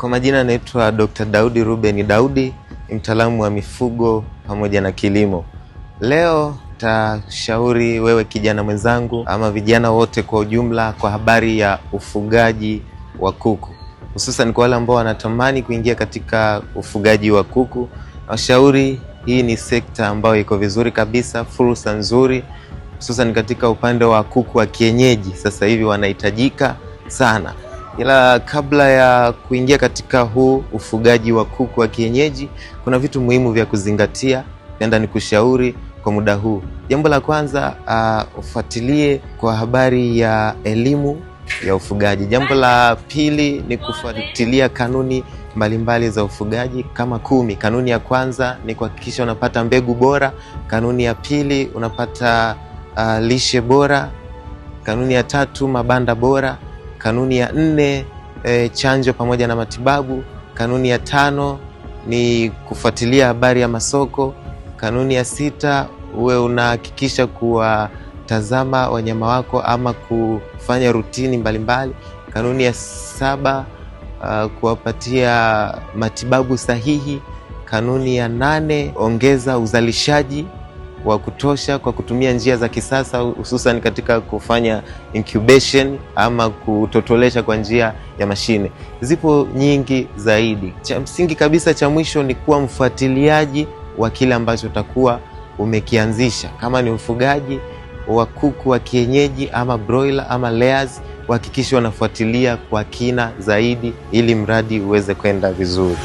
Kwa majina naitwa Dr. Daudi Ruben Daudi, ni mtaalamu wa mifugo pamoja na kilimo. Leo tashauri wewe kijana mwenzangu ama vijana wote kwa ujumla kwa habari ya ufugaji wa kuku, hususan kwa wale ambao wanatamani kuingia katika ufugaji wa kuku. Washauri, hii ni sekta ambayo iko vizuri kabisa, fursa nzuri, hususan katika upande wa kuku wa kienyeji. Sasa hivi wanahitajika sana. Ila kabla ya kuingia katika huu ufugaji wa kuku wa kienyeji, kuna vitu muhimu vya kuzingatia, naenda ni kushauri kwa muda huu. Jambo la kwanza, uh, ufuatilie kwa habari ya elimu ya ufugaji. Jambo la pili ni kufuatilia kanuni mbalimbali mbali za ufugaji kama kumi. Kanuni ya kwanza ni kuhakikisha unapata mbegu bora. Kanuni ya pili unapata uh, lishe bora. Kanuni ya tatu mabanda bora. Kanuni ya nne e, chanjo pamoja na matibabu. Kanuni ya tano ni kufuatilia habari ya masoko. Kanuni ya sita uwe unahakikisha kuwatazama wanyama wako ama kufanya rutini mbalimbali mbali. Kanuni ya saba uh, kuwapatia matibabu sahihi. Kanuni ya nane ongeza uzalishaji wa kutosha kwa kutumia njia za kisasa hususan katika kufanya incubation ama kutotolesha kwa njia ya mashine. Zipo nyingi zaidi. Cha msingi kabisa cha mwisho ni kuwa mfuatiliaji wa kile ambacho utakuwa umekianzisha. Kama ni ufugaji wa kuku wa kienyeji ama broiler ama layers, uhakikishe wanafuatilia kwa kina zaidi ili mradi uweze kwenda vizuri.